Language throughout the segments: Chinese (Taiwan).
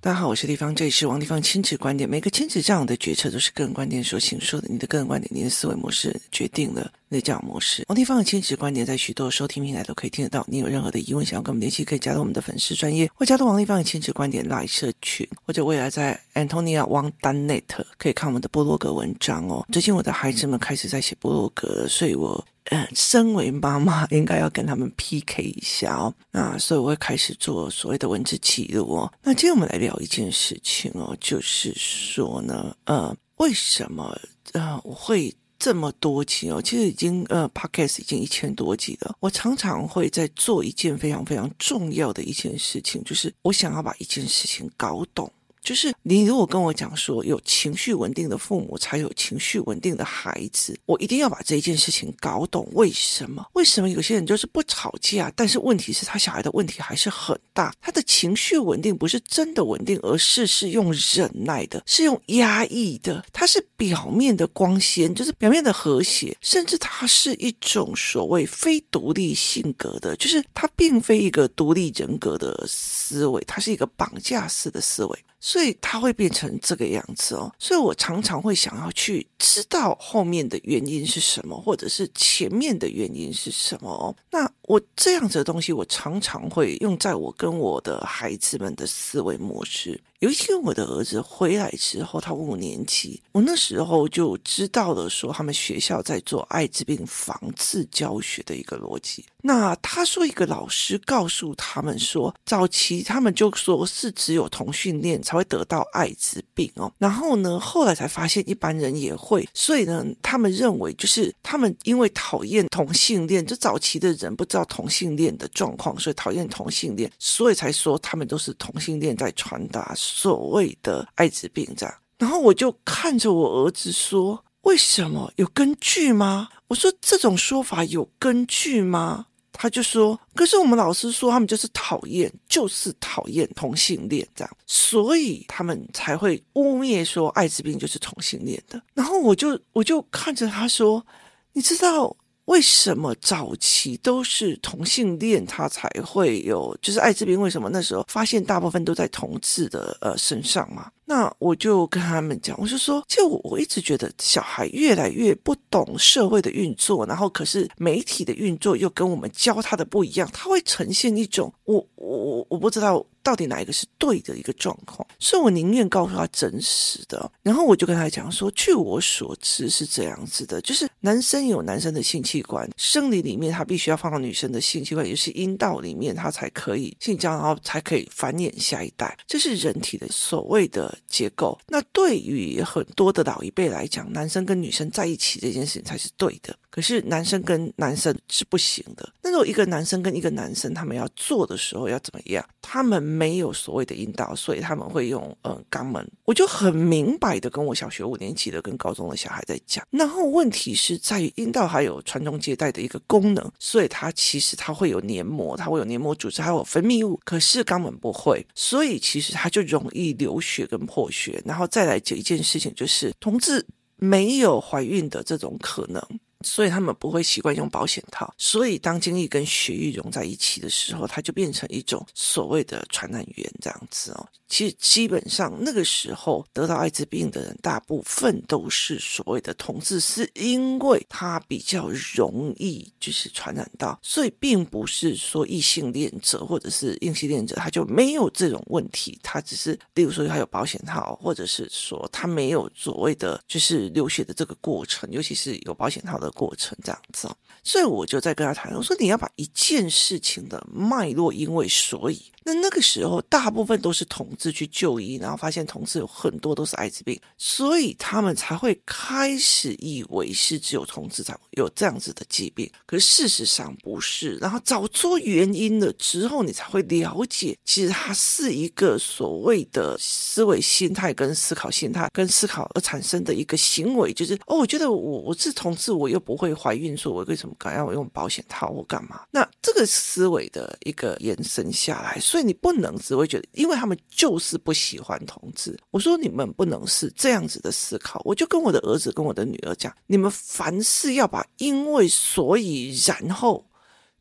大家好，我是麗芳，這裡是王麗芳親子觀點。每個親子這樣的決策都是個人觀點所陳述的，你的個人觀點、你的思維模式決定了那這樣模式。王麗芳的親子觀點在許多收聽平台都可以聽得到。你有任何的疑問，想要跟我們聯繫，可以加入我們的粉絲專頁，或加入王麗芳的親子觀點 LINE 社群，或者未來在 Antonia Wang dot net 可以看我們的部落格文章哦。最近我的孩子們開始在寫部落格，所以我。呃，身為媽媽，應該要跟他們 PK 一下哦。那所以我會開始做所謂的文字記錄哦。那今天我們來聊一件事情哦，就是說呢，呃，為什麼呃我會這麼多集哦？其實已經呃，Podcast 已經一千多集了。我常常會在做一件非常非常重要的一件事情，就是我想要把一件事情搞懂。就是你如果跟我講說，有情緒穩定的父母才有情緒穩定的孩子，我一定要把這件事情搞懂。為什麼？為什麼有些人就是不吵架，但是問題是他小孩的問題還是很大。他的情緒穩定不是真的穩定，而是是用忍耐的，是用壓抑的，他是表面的光鮮，就是表面的和諧，甚至他是一種所謂非獨立性格的，就是他並非一個獨立人格的思維，他是一個綁架式的思維。所以它會變成這個樣子哦，所以我常常會想要去知道後面的原因是什麼，或者是前面的原因是什麼哦。那。我這樣子的東西，我常常會用在我跟我的孩子們的思維模式。尤其我的兒子回來之後，他五年級，我那時候就知道了，說他們學校在做艾滋病防治教學的一個邏輯。那他說，一個老師告訴他們說，早期他們就說是只有同性戀才會得到艾滋病哦，然後呢，後來才發現一般人也會，所以呢，他們認為就是他們因為討厭同性戀，就早期的人不知道。同性戀的狀況，所以討厭同性戀，所以才說他們都是同性戀在傳達所謂的艾滋病這樣。然後我就看着我兒子說：“為什麼？有根據嗎？”我說：“這種說法有根據嗎？”他就說：“可是我們老師說他們就是討厭，就是討厭同性戀這樣，所以他們才會污蔑說艾滋病就是同性戀的。”然後我就我就看着他說：“你知道？”為什麼早期都是同性戀，他才會有就是艾滋病？為什麼那時候發現大部分都在同志的呃身上嘛？那我就跟他們講，我就說，就我，我一直覺得小孩越來越不懂社會的運作，然後可是媒體的運作又跟我們教他的不一樣，他會呈現一種我我我我不知道到底哪一個是對的一個狀況，所以我寧願告訴他真實的。然後我就跟他講說，據我所知是這樣子的，就是男生有男生的性器官，生理裡面他必須要放到女生的性器官，也就是陰道裡面，他才可以性交，然後才可以繁衍下一代，這是人體的所謂的。結構，那對於很多的老一輩來講，男生跟女生在一起這件事情才是對的。可是男生跟男生是不行的。那如果一個男生跟一個男生，他們要做的時候要怎麼樣？他們沒有所謂的陰道，所以他們會用嗯、呃、肛門。我就很明白的跟我小學五年級的跟高中的小孩在講。然後問題是在於陰道還有傳宗接代的一個功能，所以它其實它會有黏膜，它會有黏膜組織，還有分泌物。可是肛門不會，所以其實它就容易流血跟破血。然後再來講一件事情，就是同志沒有懷孕的這種可能。所以他們不會習慣用保險套，所以當精液跟血液融在一起的時候，它就變成一種所謂的傳染源這樣子哦。其實基本上那個時候得到艾滋病的人大部分都是所謂的同志，是因為他比較容易就是傳染到，所以並不是說異性戀者或者是異性戀者他就沒有這種問題，他只是例如說他有保險套，或者是說他沒有所謂的就是流血的這個過程，尤其是有保險套的。過程這樣子，所以我就在跟他談，我說你要把一件事情的脈絡，因為所以。那那個時候，大部分都是同志去就醫，然後發現同志有很多都是艾滋病，所以他們才會開始以為是只有同志才有這樣子的疾病。可是事實上不是。然後找出原因了之後，你才會了解，其實它是一個所謂的思維心態、跟思考心態、跟思考而產生的一個行為，就是哦，我覺得我我是同志，我又不會懷孕，說我為什麼敢讓我用保險套，我幹嘛？那這個思維的一個延伸下來說。所以你不能只會覺得，因為他們就是不喜歡同志。我說你們不能是這樣子的思考。我就跟我的兒子跟我的女兒講，你們凡事要把因為、所以、然後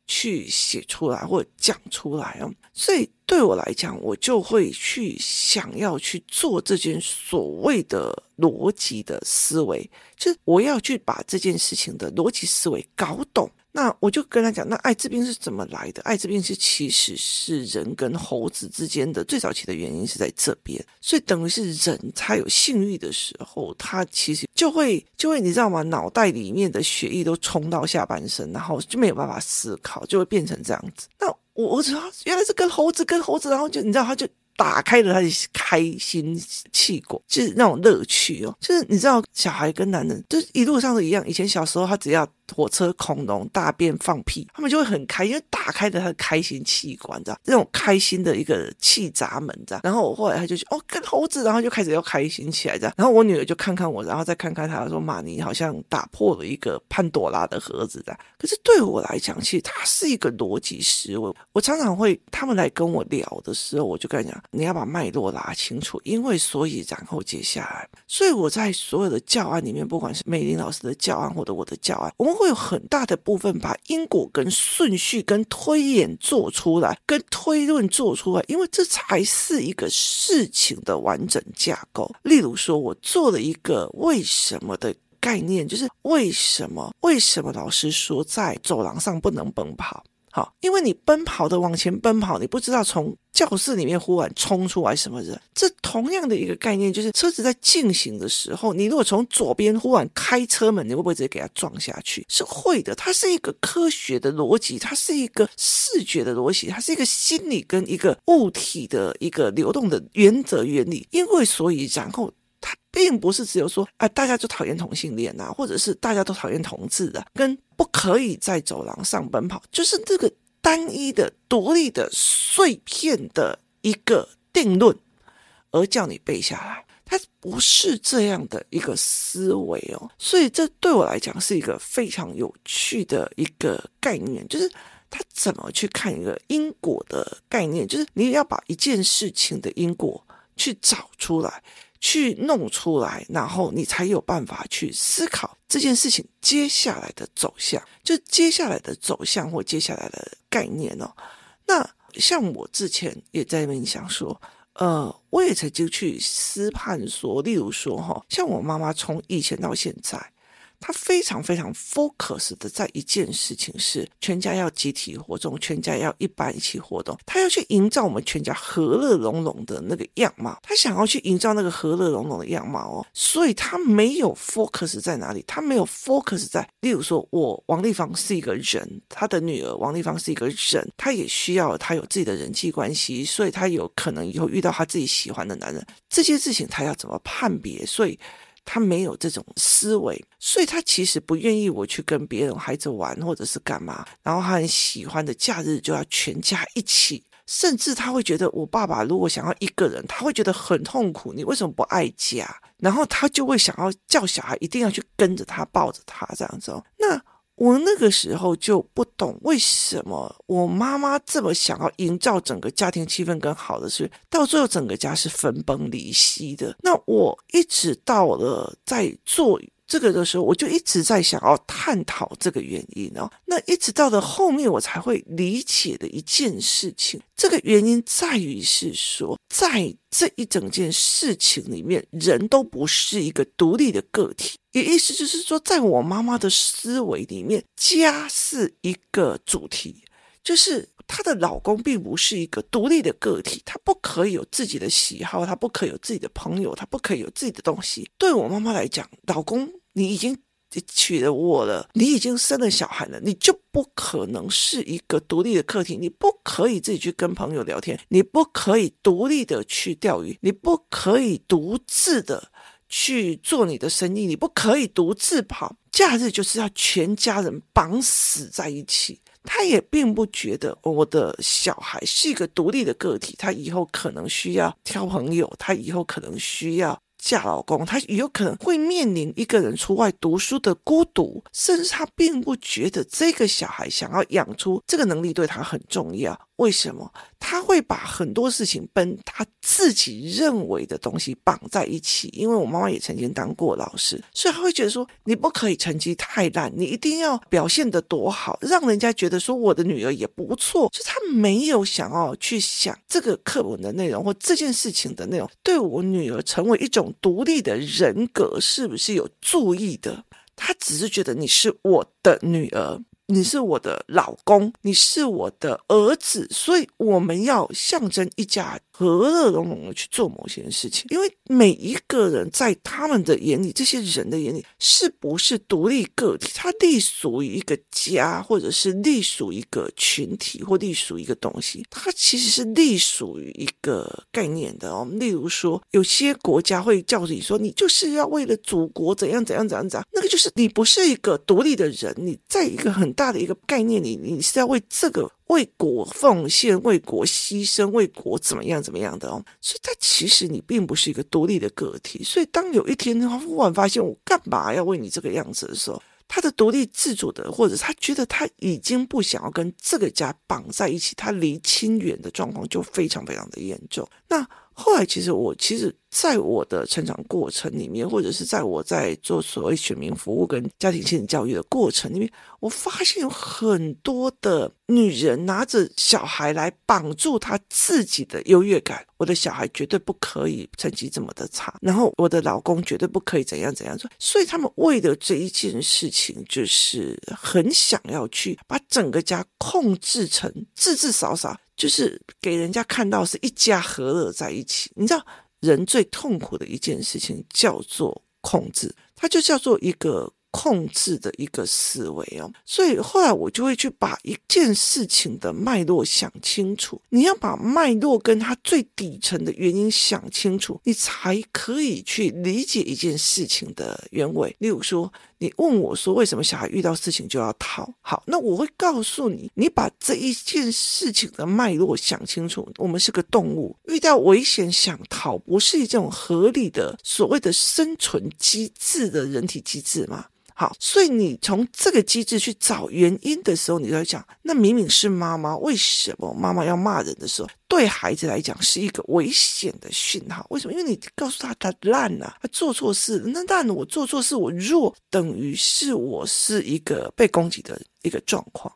去寫出來或講出來哦。所以對我來講，我就會去想要去做這件所謂的邏輯的思維，就是我要去把這件事情的邏輯思維搞懂。那我就跟他講，那艾滋病是怎麼來的？艾滋病是其實是人跟猴子之間的最早期的原因是在這邊，所以等於是人他有性欲的時候，他其實就會就會你知道嗎？腦袋裡面的血液都衝到下半身，然後就沒有辦法思考，就會變成這樣子。那我只要原來是跟猴子跟猴子，然後就你知道他就打開了他的開心器官，就是那種樂趣哦，就是你知道小孩跟男人就是一路上都一樣。以前小時候他只要。火車恐龍大便放屁，他們就會很開心，因為打開的他的開心器官，這樣，這種開心的一個氣閘門，這樣。然後我後來他就去哦跟猴子，然後就開始又開心起來，這樣。然後我女兒就看看我，然後再看看他說媽你好像打破了一個潘多拉的盒子的。可是對我來講，其實他是一個邏輯思維。我常常會他們來跟我聊的時候，我就跟他講，你要把脈絡拉清楚，因為所以然後接下來，所以我在所有的教案裡面，不管是美玲老師的教案或者我的教案，我們。會有很大的部分把因果跟順序跟推演做出來，跟推論做出來，因為這才是一個事情的完整架構。例如說，我做了一個為什麼的概念，就是為什麼？為什麼老師說在走廊上不能奔跑？好，因為你奔跑的往前奔跑，你不知道從教室裡面忽然衝出來什麼人。這同樣的一個概念，就是車子在進行的時候，你如果從左邊忽然開車門，你會不會直接給它撞下去？是會的。它是一個科學的邏輯，它是一個視覺的邏輯，它是一個心理跟一個物體的一個流動的原則原理。因為，所以，然後。並不是只有說，啊、呃，大家就討厭同性戀啊，或者是大家都討厭同志的、啊，跟不可以在走廊上奔跑，就是那個單一的、獨立的碎片的一個定論，而叫你背下來，它不是這樣的一個思維哦。所以，這對我來講是一個非常有趣的一個概念，就是他怎麼去看一個因果的概念，就是你要把一件事情的因果去找出來。去弄出來，然後你才有辦法去思考這件事情接下來的走向，就接下來的走向或接下來的概念哦。那像我之前也在那邊想說，呃，我也曾經去思辨說，例如說哈、哦，像我媽媽從以前到現在。他非常非常 focus 的在一件事情，是全家要集體活動，全家要一般一起活動。他要去營造我們全家和樂融融的那個樣貌，他想要去營造那個和樂融融的樣貌哦。所以他沒有 focus 在哪裡，他沒有 focus 在，例如說我王麗芳是一個人，他的女兒王麗芳是一個人，他也需要他有自己的人際關係，所以他有可能以後遇到他自己喜歡的男人，這些事情他要怎麼判別？所以。他沒有這種思維，所以他其實不願意我去跟別人孩子玩，或者是幹嘛。然後他很喜歡的假日就要全家一起，甚至他會覺得我爸爸如果想要一個人，他會覺得很痛苦。你為什麼不愛家？然後他就會想要叫小孩一定要去跟着他，抱着他這樣子。那。我那個時候就不懂為什麼我媽媽這麼想要營造整個家庭氣氛更好的事，是到最後整個家是分崩離析的。那我一直到了在做。這個的時候，我就一直在想要探討這個原因哦。那一直到了後面，我才會理解的一件事情。這個原因在於是說，在這一整件事情裡面，人都不是一個獨立的個體。也意思就是說，在我媽媽的思維裡面，家是一個主題，就是她的老公並不是一個獨立的個體，她不可以有自己的喜好，她不可以有自己的朋友，她不可以有自己的東西。對我媽媽來講，老公。你已經娶了我了，你已經生了小孩了，你就不可能是一個獨立的個體，你不可以自己去跟朋友聊天，你不可以獨立的去釣魚，你不可以獨自的去做你的生意，你不可以獨自跑。假日就是要全家人綁死在一起。他也並不覺得我的小孩是一個獨立的個體，他以後可能需要挑朋友，他以後可能需要。嫁老公，他也有可能會面臨一個人出外讀書的孤獨，甚至他並不覺得這個小孩想要養出這個能力對他很重要。為什麼？他會把很多事情跟他自己認為的東西綁在一起。因為我媽媽也曾經當過老師，所以他會覺得說：你不可以成績太爛，你一定要表現得多好，讓人家覺得說我的女兒也不錯。所以他沒有想要去想這個課文的內容或這件事情的內容對我女兒成為一種。獨立的人格是不是有注意的？他只是覺得你是我的女兒，你是我的老公，你是我的兒子，所以我們要象徵一家，和樂融融的去做某些事情，因為每一個人在他們的眼裡，這些人的眼裡，是不是獨立個體？他隸屬於一個家，或者是隸屬於一個群體，或隸屬於一個東西？他其實是隸屬於一個概念的。哦，例如說，有些國家會教你說，你就是要為了祖國怎樣怎樣怎樣怎樣，那個就是你不是一個獨立的人，你在一個很大的一個概念裡，你是要為這個。為國奉獻、為國犧牲、為國怎麼樣、怎麼樣的哦，所以他其實你並不是一個獨立的個體。所以當有一天他忽然發現我幹嘛要為你這個樣子的時候，他的獨立自主的，或者是他覺得他已經不想要跟這個家綁在一起，他離親緣的狀況就非常非常的嚴重。那。後來其、其實我其實，在我的成長過程裡面，或者是在我在做所謂選民服務跟家庭性教育的過程裡面，我發現有很多的女人拿着小孩來綁住她自己的優越感。我的小孩絕對不可以成績這麼的差，然後我的老公絕對不可以怎樣怎樣做。所以他們為了這一件事情，就是很想要去把整個家控制成自字少少。就是給人家看到是一家和樂在一起，你知道人最痛苦的一件事情叫做控制，它就叫做一個控制的一個思維哦。所以後來我就會去把一件事情的脈絡想清楚，你要把脈絡跟它最底層的原因想清楚，你才可以去理解一件事情的原委。例如說。你問我說為什麼小孩遇到事情就要逃？好，那我會告訴你，你把這一件事情的脈絡想清楚。我們是個動物，遇到危險想逃，不是一種合理的所謂的生存機制的人體機制嗎？好，所以你從這個機制去找原因的時候，你在講，那明明是媽媽，為什麼媽媽要罵人的時候，對孩子來講是一個危險的訊號？為什麼？因為你告訴他他爛了、啊，他做錯事了，那爛我，我做錯事，我弱，等於是我是一個被攻擊的一個狀況。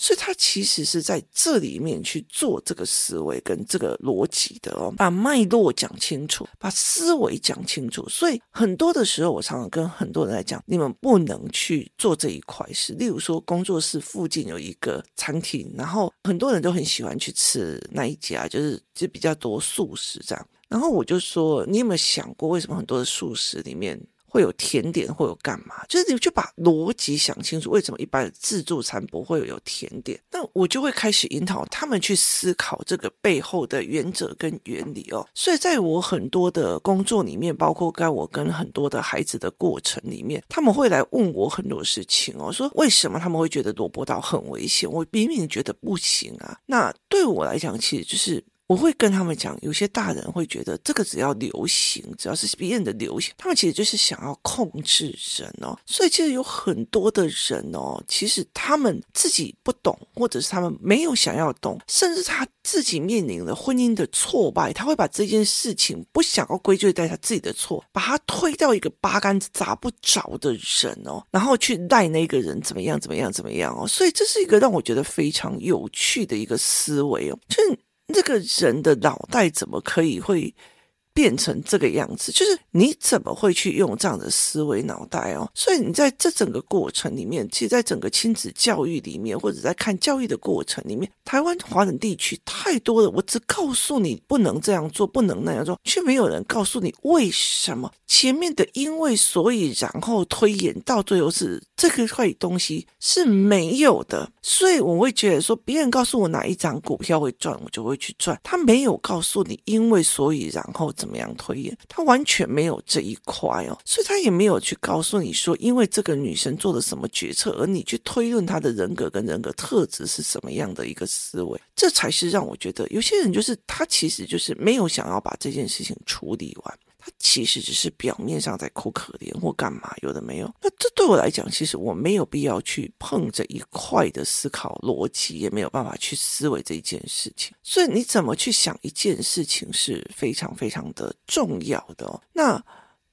所以他其實是在這裡面去做這個思維跟這個邏輯的哦，把脈絡講清楚，把思維講清楚。所以很多的時候，我常常跟很多人來講，你們不能去做這一塊事。例如說，工作室附近有一個餐廳，然後很多人都很喜歡去吃那一家，就是就比較多素食這樣。然後我就說，你有沒有想過，為什麼很多的素食裡面？會有甜點，會有幹嘛？就是你就把邏輯想清楚，為什麼一般的自助餐不會有甜點？那我就會開始引導他們去思考這個背後的原則跟原理哦。所以在我很多的工作裡面，包括在我跟很多的孩子的過程裡面，他們會來問我很多事情哦，說為什麼他們會覺得蘿蔔刀很危險？我明明覺得不行啊。那對我來講，其實就是。我會跟他們講，有些大人會覺得這個只要流行，只要是別人的流行，他們其實就是想要控制人哦。所以其實有很多的人哦，其實他們自己不懂，或者是他們沒有想要懂，甚至他自己面臨了婚姻的挫敗，他會把這件事情不想要歸咎在他自己的錯，把他推到一個八竿子打不着的人哦，然後去賴那個人怎麼樣怎麼樣怎麼樣哦。所以這是一個讓我覺得非常有趣的一個思維哦，就是。這個人的腦袋怎麼可以會？變成這個樣子，就是你怎麼會去用這樣的思維腦袋哦、喔？所以你在這整個過程裡面，其實，在整個親子教育裡面，或者在看教育的過程裡面，台灣華人地區太多了。我只告訴你不能這樣做，不能那樣做，卻沒有人告訴你為什麼。前面的因為所以然後推演到最後是這個壞東西是沒有的。所以我會覺得說，別人告訴我哪一張股票會賺，我就會去賺。他沒有告訴你因為所以然後。怎麼樣推演？他完全沒有這一塊哦，所以他也沒有去告訴你說，因為這個女生做了什麼決策，而你去推論她的人格跟人格特質是什麼樣的一個思維，這才是讓我覺得有些人就是，他其實就是沒有想要把這件事情處理完。其實只是表面上在哭可憐或幹嘛，有的沒有。那這對我來講，其實我沒有必要去碰這一塊的思考邏輯，也沒有辦法去思維這一件事情。所以你怎麼去想一件事情是非常非常的重要的哦。那。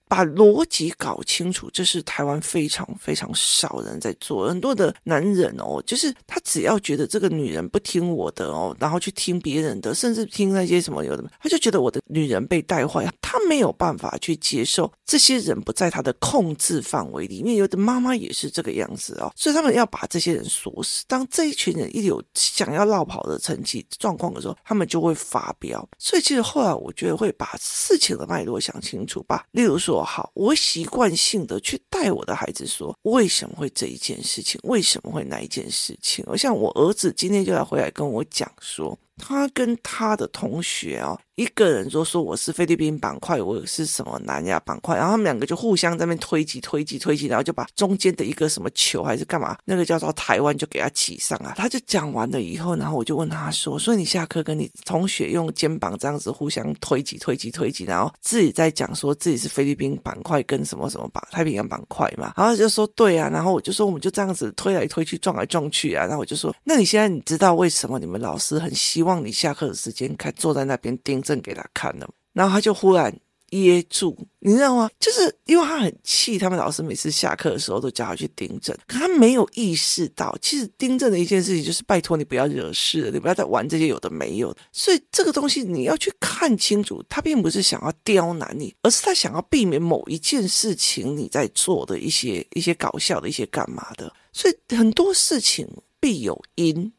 把邏輯搞清楚，這、就是台灣非常非常少人在做。很多的男人哦，就是他只要覺得這個女人不聽我的哦，然後去聽別人的，甚至聽那些什麼有的，他就覺得我的女人被帶壞，他沒有辦法去接受。這些人不在他的控制範圍裡面，有的媽媽也是這個樣子哦，所以他們要把這些人鎖死。當這一群人一有想要落跑的成績狀況的時候，他們就會发飆。所以其實後來我覺得會把事情的脈絡想清楚吧，例如說，我好，我習慣性的去帶我的孩子說，為什麼會這一件事情，為什麼會那一件事情？我像我兒子今天就來回來跟我講說。他跟他的同學哦，一個人就說，說我是菲律賓板塊，我是什麼南亞板塊，然後他們兩個就互相在那邊推擠推擠推擠，然後就把中間的一個什麼球還是幹嘛，那個叫做台灣就給他擠上啊。他就講完了以後，然後我就問他說，所以你下課跟你同學用肩膀這樣子互相推擠推擠推擠，然後自己在講說自己是菲律賓板塊跟什麼什麼板太平洋板塊嘛，然後就說對啊，然後我就說我們就這樣子推來推去撞來撞去啊，然後我就說，那你現在你知道為什麼你們老師很希望。望你下課的時間，看坐在那邊訂正給他看了。然後他就忽然噎住，你知道嗎？就是因為他很氣，他們老師每次下課的時候都叫他去訂正，可他沒有意識到，其實訂正的一件事情就是拜託你不要惹事，你不要再玩這些有的沒有的。所以這個東西你要去看清楚，他並不是想要刁難你，而是他想要避免某一件事情你在做的一些一些搞笑的一些幹嘛的。所以很多事情必有因。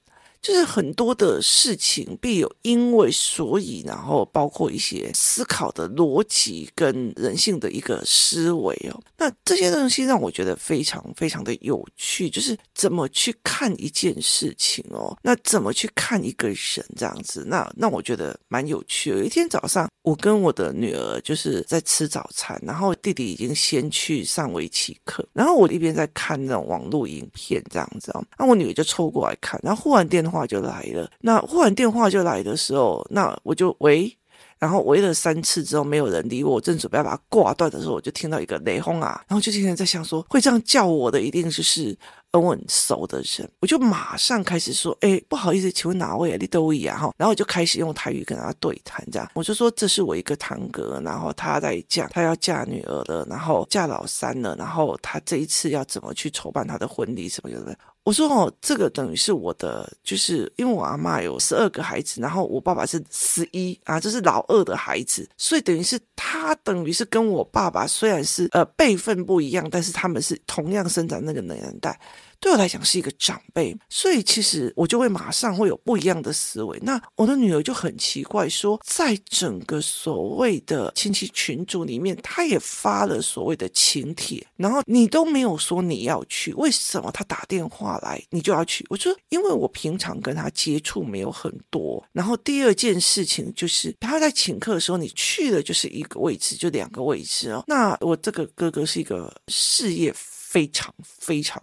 就是很多的事情必有因為所以，然後包括一些思考的邏輯跟人性的一個思維哦。那這些東西讓我覺得非常非常的有趣，就是怎麼去看一件事情哦，那怎麼去看一個人這樣子，那那我覺得蠻有趣、哦。有一天早上，我跟我的女兒就是在吃早餐，然後弟弟已經先去上圍棋課，然後我一邊在看那種網絡影片這樣子，哦，那我女兒就湊過來看，然後忽然電話。話就來了。那忽然電話就來的時候，那我就喂，然後喂了三次之後沒有人理我，我正準備要把它掛斷的時候，我就聽到一個雷轟啊，然後就經常在想說，會這樣叫我的一定就是我很熟的人，我就馬上開始說，哎，不好意思，請問哪位啊？你都一樣哈，然後我就開始用台語跟他對談，這樣我就說這是我一個堂哥，然後他在嫁，他要嫁女兒了，然後嫁老三了，然後他這一次要怎麼去籌辦他的婚禮什麼樣的。我說哦，這個等於是我的，就是因為我阿嬤有十二個孩子，然後我爸爸是十一啊，這、就是老二的孩子，所以等於是他等於是跟我爸爸雖然是呃輩分不一樣，但是他們是同樣生長那個年代。對我來講是一個長輩，所以其實我就會馬上會有不一樣的思維。那我的女兒就很奇怪，說在整個所謂的親戚群組裡面，她也發了所謂的請帖，然後你都沒有說你要去，為什麼他打電話來你就要去？我說因為我平常跟他接觸沒有很多。然後第二件事情就是他在請客的時候，你去了就是一個位置，就兩個位置哦。那我這個哥哥是一個事業非常非常。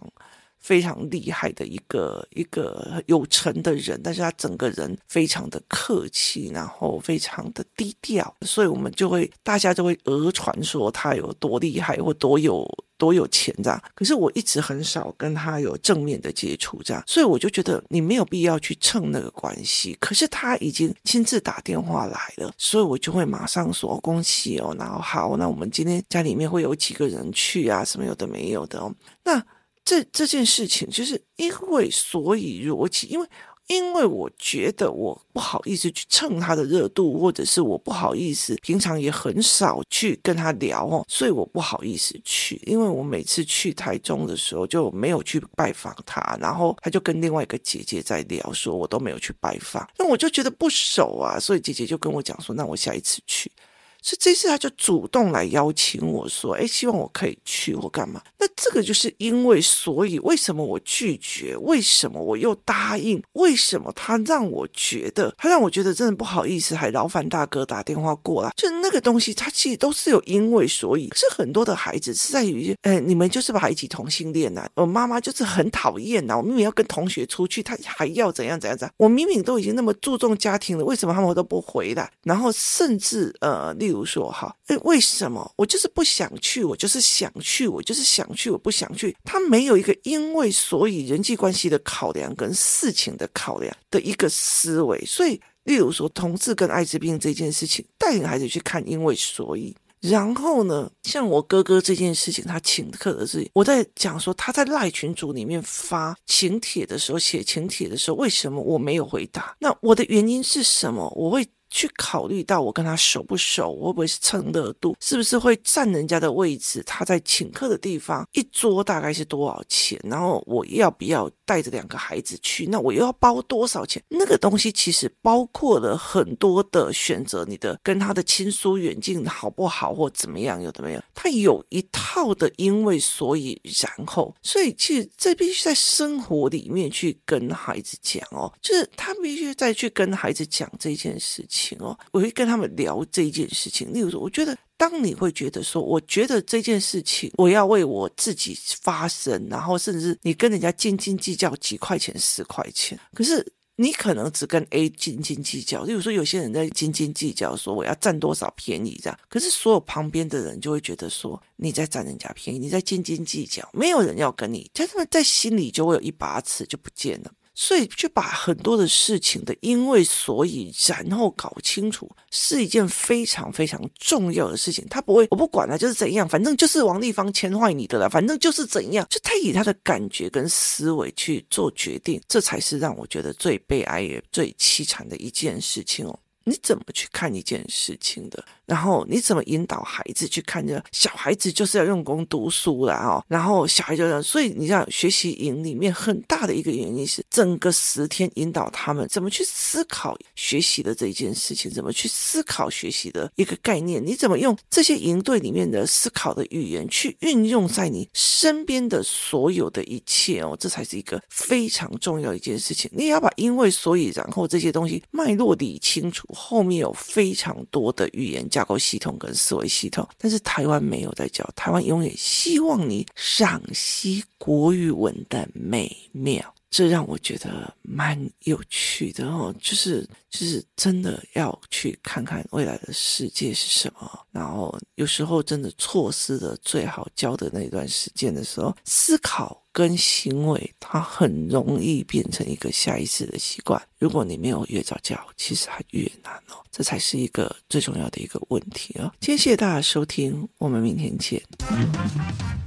非常厲害的一個一個有成的人，但是他整個人非常的客氣，然後非常的低調，所以我們就會大家就會訛傳說他有多厲害或多有多有錢這樣。可是我一直很少跟他有正面的接觸這樣，所以我就覺得你沒有必要去蹭那個關係。可是他已經親自打電話來了，所以我就會馬上說恭喜哦，然後好，那我們今天家裡面會有幾個人去啊？什麼有的沒有的哦？那。這這件事情，就是因為所以，邏輯因為因為我覺得我不好意思去蹭他的熱度，或者是我不好意思，平常也很少去跟他聊哦，所以我不好意思去，因為我每次去台中的時候就沒有去拜訪他，然後他就跟另外一個姐姐在聊，說我都沒有去拜訪，那我就覺得不熟啊，所以姐姐就跟我講說，那我下一次去。所以這次他就主動來邀請我說：“哎，希望我可以去，或幹嘛？”那這個就是因為，所以為什麼我拒絕？為什麼我又答應？為什麼他讓我覺得他讓我覺得真的不好意思，還勞煩大哥打電話過來？就是、那個東西，它其實都是有因為所以。可是很多的孩子是在於，哎，你們就是把孩子一起同性戀吶、啊，我媽媽就是很討厭吶、啊。我明明要跟同學出去，他還要怎樣怎樣怎樣？我明明都已經那麼注重家庭了，為什麼他們都不回來？然後甚至呃，例如。比如說哈，哎、欸，為什麼我就是不想去？我就是想去，我就是想去，我不想去。他沒有一個因為所以人際關係的考量跟事情的考量的一個思維。所以，例如說同志跟艾滋病這件事情，帶領孩子去看，因為所以。然後呢，像我哥哥這件事情，他請客的事，我在講說他在賴群組裡面發請帖的時候，寫請帖的時候，為什麼我沒有回答？那我的原因是什麼？我會。去考慮到我跟他熟不熟，我會不會是蹭熱度，是不是會占人家的位置？他在請客的地方，一桌大概是多少錢？然後我要不要帶着兩個孩子去？那我又要包多少錢？那個東西其實包括了很多的選擇，你的跟他的親疏遠近好不好，或怎麼樣，有怎麼樣，他有一套的，因為所以然後，所以其實這必須在生活裡面去跟孩子講哦，就是他必須再去跟孩子講這件事情。哦，我會跟他們聊這一件事情。例如說，我覺得當你會覺得說，我覺得這件事情我要為我自己發聲，然後甚至你跟人家斤斤計較幾塊錢、十塊錢，可是你可能只跟 A 斤斤計較。例如說，有些人在斤斤計較，說我要占多少便宜這樣，可是所有旁邊的人就會覺得說你在占人家便宜，你在斤斤計較，沒有人要跟你，他們在心裡就會有一把尺就不見了。所以，去把很多的事情的因為所以然後搞清楚，是一件非常非常重要的事情。他不會，我不管他就是怎樣，反正就是王麗芳牽壞你的了，反正就是怎樣，就他以他的感覺跟思維去做決定，這才是讓我覺得最悲哀也最淒慘的一件事情哦。你怎麼去看一件事情的然後你怎麼引導孩子去看這？小孩子就是要用功讀書啦哦。然後小孩就這樣，所以，你知道學習營裡面很大的一個原因是，整個十天引導他們怎麼去思考學習的這一件事情，怎麼去思考學習的一個概念。你怎麼用這些營隊裡面的思考的語言去運用在你身邊的所有的一切哦？這才是一個非常重要一件事情。你也要把因為、所以、然後這些東西脈絡理清楚，後面有非常多的語言。架構系統跟思維系統，但是台灣沒有在教，台灣永遠希望你賞析國語文的美妙。這讓我覺得蠻有趣的哦，就是就是真的要去看看未來的世界是什麼。然後有時候真的錯失的最好教的那一段時間的時候，思考跟行為它很容易變成一個下意識的習慣。如果你沒有越早教，其實還越難哦。這才是一個最重要的一個問題哦。今天謝謝大家收聽，我們明天見。嗯。